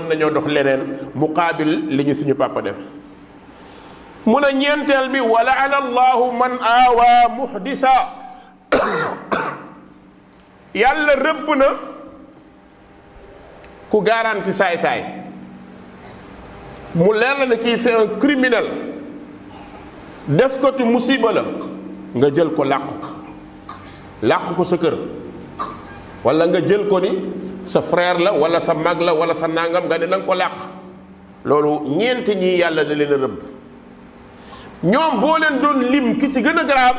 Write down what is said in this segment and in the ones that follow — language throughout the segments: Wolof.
mën nañoo dox leneen muqaabil li ñu suñu papa def mu ne ñeenteel bi wala ana allahu man aawaa muhdisa yàlla rëbb na ku garanti saay-saay mu leer la ne kii un criminel def ko tu musiba la nga jël ko làqu ko làqu ko sa kër wala nga jël ko ni sa frère la wala sa mag la wala sa nangam nga ne nga ko làq loolu ñeent ñii yàlla da leen rëbb ñoom boo leen doon lim ki ci gën a grave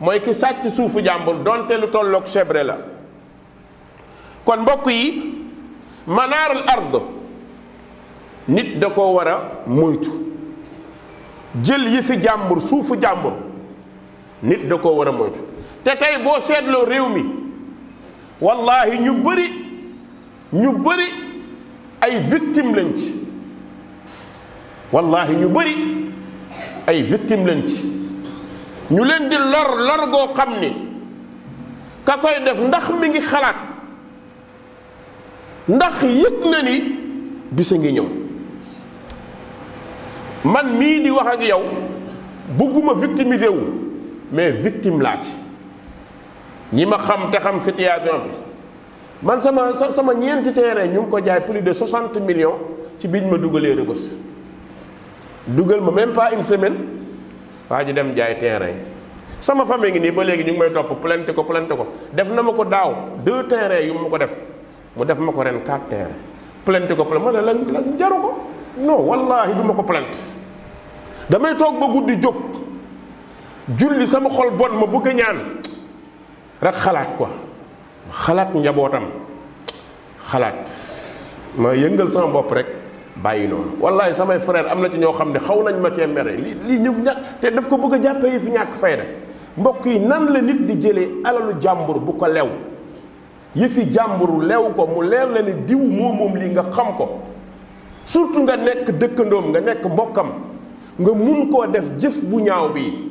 mooy ki sàcc suufu jàmbur donte lu tolloog sebre la kon mbokk yi manaarul ard nit da ko war a moytu jël yi fi jàmbur suufu jàmbur nit da ko war a moytu te tey boo seetloo réew mi wallahi ñu bari ñu bëri ay victime lañ ci wallahi ñu bari ay victime lañ ci ñu leen di lor lor goo xam ni ka koy def ndax mi ngi xalaat ndax yëg na ni bis a ngi ñëw man mii di wax ak yow bugguma victimiser wu mais victime laa ci ñi ma xam te xam situation bi man sama sa sama ñeenti terrain ñu ngi ko jaay plus de 60 millions ci biñ ma dugalee rëbës dugal ma même pas une semaine waa ju dem jaay terrain sama famille ngi nii ba léegi ñu ngi may topp plainte ko plainte ko def na ma ko daaw deux terrain yu ma ko def mu def ma ko ren quatre terrain plainte ko plainte ma ne la la jaru ko non wallaahi du ma ko plainte damay toog ba guddi jóg julli sama xol bon ma bëgg a ñaan rek xalaat ko xalaat njabootam xalaat ma yëngal sama bopp rek bàyyi noonu wallahi samay frère am na ci ñoo xam ne xaw nañ ma cee mere lii lii ñëw ñàkk te daf ko bëgg a jàppee yi fi ñàkk fayda mbokk yi nan la nit di jëlee alalu jàmbur bu ko lew yëfi jàmbur lew ko mu leer la ne diw moom moom lii nga xam ko surtout nga nekk dëkkandoom nga nekk mbokkam nga mun koo def jëf bu ñaaw bi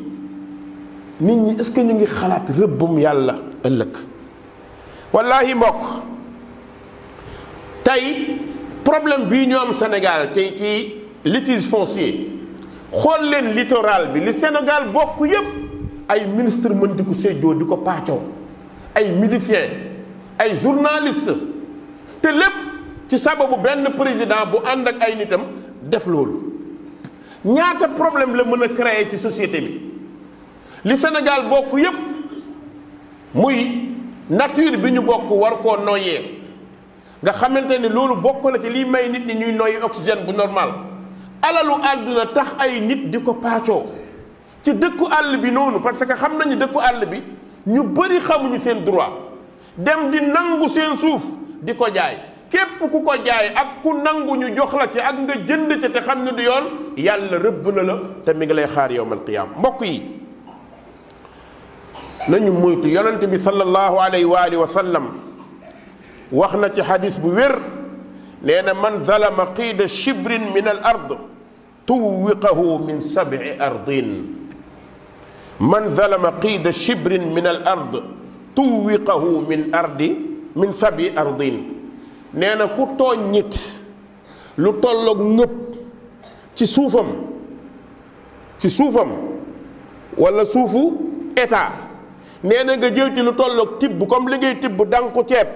nit ñi est-ce que ñu ngi xalaat rëbbum yàlla ëllëg wallaahi mbokk tey problème bi ñu am Sénégal tey ci litis foncier xool leen littoral bi li Sénégal bokk yépp ay ministre mën di di ko paccoo ay musiciens ay journalistes te lépp ci sababu benn président bu ànd ak ay nitam def loolu ñaata problème la mën a créer ci société bi li senegal bokk yépp muy nature bi ñu bokk war koo noyyee nga xamante ni loolu bokk na ci liy may nit ñi ñuy noyyi oxygène bu normal alalu àdduna tax ay nit di ko paacoo ci dëkku àll bi noonu parce que xam nañu dëkku àll bi ñu bëri xamuñu seen droit dem di nangu seen suuf di ko jaay képp ku ko jaay ak ku nangu ñu jox la ci ak nga jënd ci te xam ne du yoon yàlla rëbb na la te mi ngi lay xaar yowmal qiyaam mbokk yi. nañu moytu yonent bi sallallahu alayhi wa alihi wa sallam wax na ci xadis bu wér nee na man zalama qiida shibrin min al ard tuwiqahu min sabi ardin man zalama qiida shibrin min al ard tuwiqahu min ardi min sabi ardin nee na ku tooñ nit lu tolloog ñëpp ci suufam ci suufam wala suufu état nee na nga jël ci lu tolloog tibb comme li ngay tibb dànku ceeb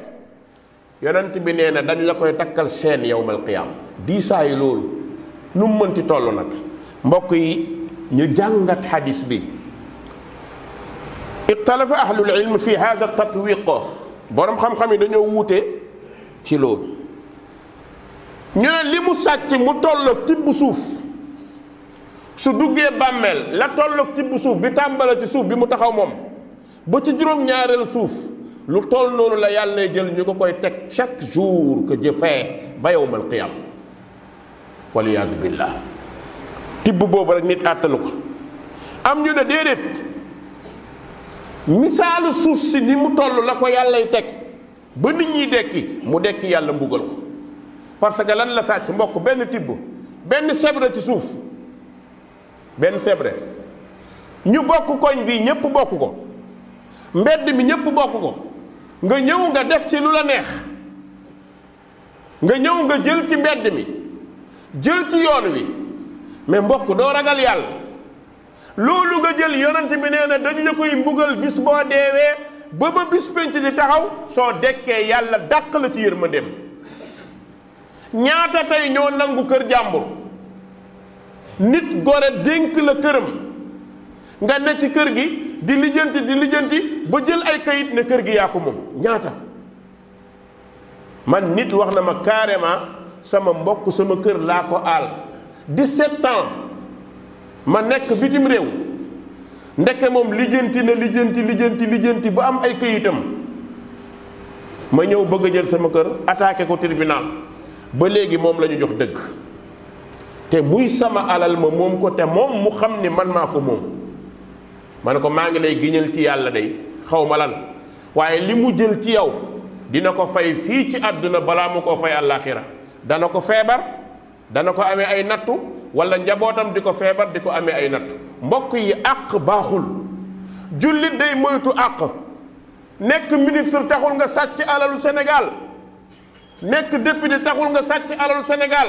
yonent bi nee na dañ la koy takkal seen yowmal qiyaam diisaayu loolu nu mu mënti toll nag mbokk yi ñu jàngat xadis bi ixtalafa ahlul ilm fi hada tatwiq borom xam-xam yi dañoo wuute ci loolu ñu ne li mu sàcc mu tolloog tibb suuf su duggee bàmmeel la tolloog tibb suuf bi tàmbala ci suuf bi mu taxaw moom ba ci juróom-ñaareel suuf lu toll noonu la yàlla lay jël ñu ko koy teg chaque jour que Dieu fait ba yawmal qiyaam waliyaasu billah tibb boobu rek nit àttanu ko am ñu ne déedéet misaalu suuf si ni mu toll la ko yàllay teg ba nit ñi dekki mu dekki yàlla mbugal ko parce que lan la sàcc mbokk benn tibb benn sebre ci suuf benn sebre ñu bokk koñ bii ñépp bokk ko mbedd mi ñépp bokk ko nga ñëw nga def ci lu la neex nga ñëw nga jël ci mbedd mi jël ci yoon wi mais mbokk doo ragal yàlla loolu nga jël yonent bi nee na dañ la koy mbugal bis boo deewee ba ba bis penc di taxaw soo dekkee yàlla dàq la ci ma dem ñaata tey ñoo nangu kër jàmbur nit gore dénk la këram nga ne ci kër gi di lijjanti di lijjanti ba jël ay kayit ne kër gi yaa ko moom ñaata man nit wax na ma carrément sama mbokk sama kër laa ko aal 17 ans ma nekk bitim réew ndeke moom lijjanti na lijjanti lijjanti lijjanti ba am ay kayitam ma ñëw bëgg jël sama kër attaqué ko tribunal ba léegi moom lañu jox dëgg te muy sama alal ma moom ko te moom mu xam ni man maa ko moom ma ne ko maa ngi lay giñal ci yàlla dey xawma ma lan waaye li mu jël ci yow dina ko fay fii ci àdduna balaa mu ko fay àllaaxira dana ko feebar dana ko amee ay nattu walla njabootam di ko feebar di ko amee ay nattu mbokk yi àq baaxul jullit day moytu àq nekk ministre taxul nga sàcc alalu senegal nekk député taxul nga sàcc alalu senegal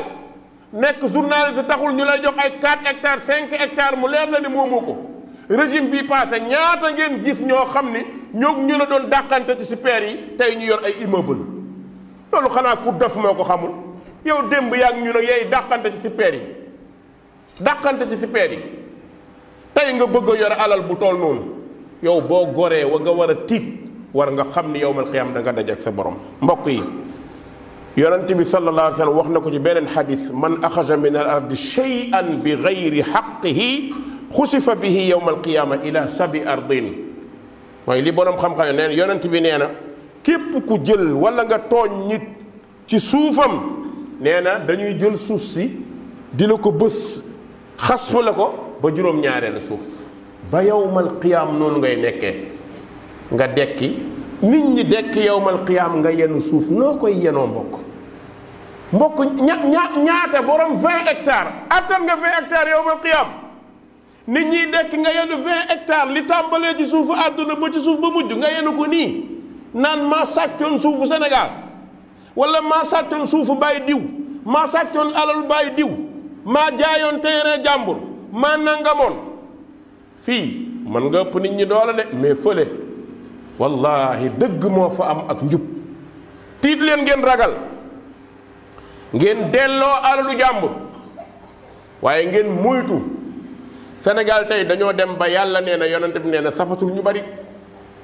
nekk journaliste taxul ñu lay jox ay 4 hectares 5 hectares mu leer la ni moomoo ko régime bi passé ñaata ngeen gis ñoo xam ni ñoo ñu la doon dàqante ci si peer yi tey ñu yor ay immeuble loolu xanaa ku def moo ko xamul yow démb yaa ñu ne yay dàqante ci si peer yi dàqante ci si peer yi tey nga bëgg a yor alal bu tool noonu yow boo goree wa nga war a tiit war nga xam ni yowmal qiyaam da nga ak sa borom mbokk yi yonent bi sallallahu alayhi wa sallam wax na ko ci beneen xadis man axaja min al ardi shay'an bi gayri xaqihi xusifa bihi yowma alqiyaama ila sabi ardin mooy li boroom xam-xam ne neen yonent bi nee na képp ku jël wala nga tooñ nit ci suufam nee na dañuy jël suuf si di la ko bës xas fa la ko ba juróom-ñaareelu suuf ba yowmal qiyaam noonu ngay nekkee nga dekki nit ñi dekk yowmal qiyaam nga yenn suuf noo koy yenoo mbokk mbokk ña ña ñaata borom 20 hectares attan nga 20 hectares yowmal qiyaam nit ñi dekk nga yenu 20 hectares li tàmbalee ci suufu àdduna ba ci suuf ba mujj nga yenu ko nii naan maa sàccoon suufu sénégal wala maa sàccoon suufu bàyyi diw ma sàccoon alalu bàyyi diw maa jaayoon terrain jàmbur maa nangamoon fii man nga ëpp nit ñi doole de mais fële wallahi dëgg moo fa am ak njub tiit leen ngeen ragal ngeen delo alalu jàmbur waaye ngeen Sénégal tey dañoo dem ba yàlla nee na yonent bi nee na safatul ñu bari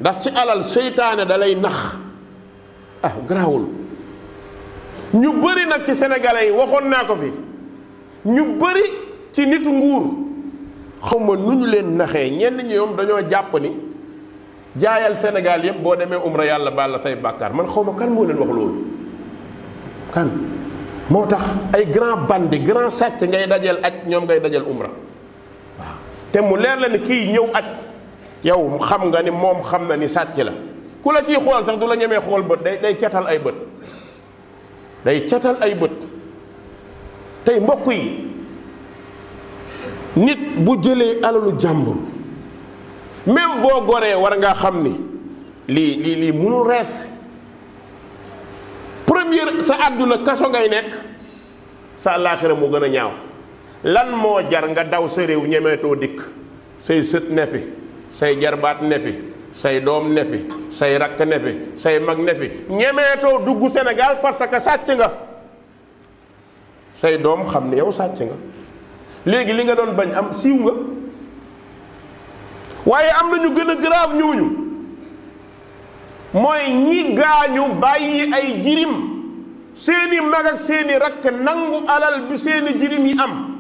ndax ci alal seytaane dalay nax ah garaawul ñu bëri nag ci sénégalais yi waxoon naa ko fi ñu bëri ci nitu nguur xawma nu ñu leen naxee ñenn ñi ñoom dañoo jàpp ni jaayal senegal yëpp boo demee umra yàlla baal la say bàkkaar man xawma kan moo leen wax loolu kan moo tax ay grand bandi grand sàcc ngay dajeel ak ñoom ngay dajeel umra te mu leer la ni kii ñëw aj yow xam nga ni moom xam na ni sàcc la ku la ciy xool sax du la ñemee xool bët day day catal ay bët day catal ay bët tey mbokk yi nit bu jëlee alalu jàmbur même boo goree war ngaa xam ni lii lii lii mënul rees première sa àdduna kaso ngay nekk sa àllaaxira mu gën a ñaaw lan moo jar nga daw sa réew ñemeetoo dikk say sët ne fi say jarbaat ne fi say doom ne fi say rakk ne fi say mag ne fi ñemeetoo dugg Sénégal parce que sàcc nga say doom xam ne yow sàcc nga léegi li nga doon bañ am siiw nga waaye am na ñu gën a grave ñooñu mooy ñi gaañu bàyyi ay jirim seeni mag ak seeni rakk nangu alal bi seeni jirim yi am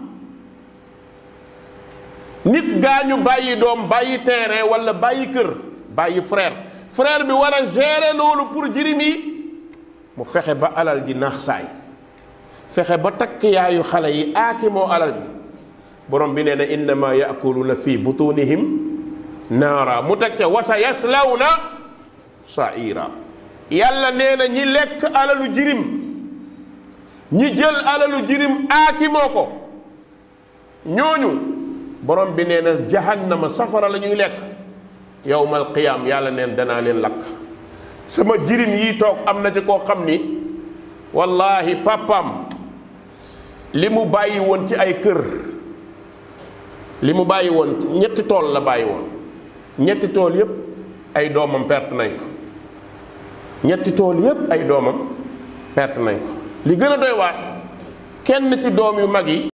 nit gañu bàyyi dom bàyyi terrain wala bàyyi kër bàyyi frère frère bi wara a gérer loolu pour jirimi mu fexe ba alal di nax say fexe ba takk yaayu xale yi aki mo alal bi borom bi nee inna ma ya'kuluna fi butunihim nara mu tak ca wasa yaslawna saira yàlla nee ñi lek alalu jirim ñi jël alalu jirim aki moko ko ñooñu borom bi nee na jahannama safara la ñuy lekk yowmal qiyaam yàlla neen danaa leen lakk sama jirim yi toog am na ci koo xam ni wallaahi papaam li mu bàyyi woon ci ay kër li mu bàyyi woon ñetti tool la bàyyi woon ñetti tool yépp ay doomam perte nañ ko ñetti tool yépp ay doomam perte nañ ko li gën a doy waat kenn ci doom yu mag yi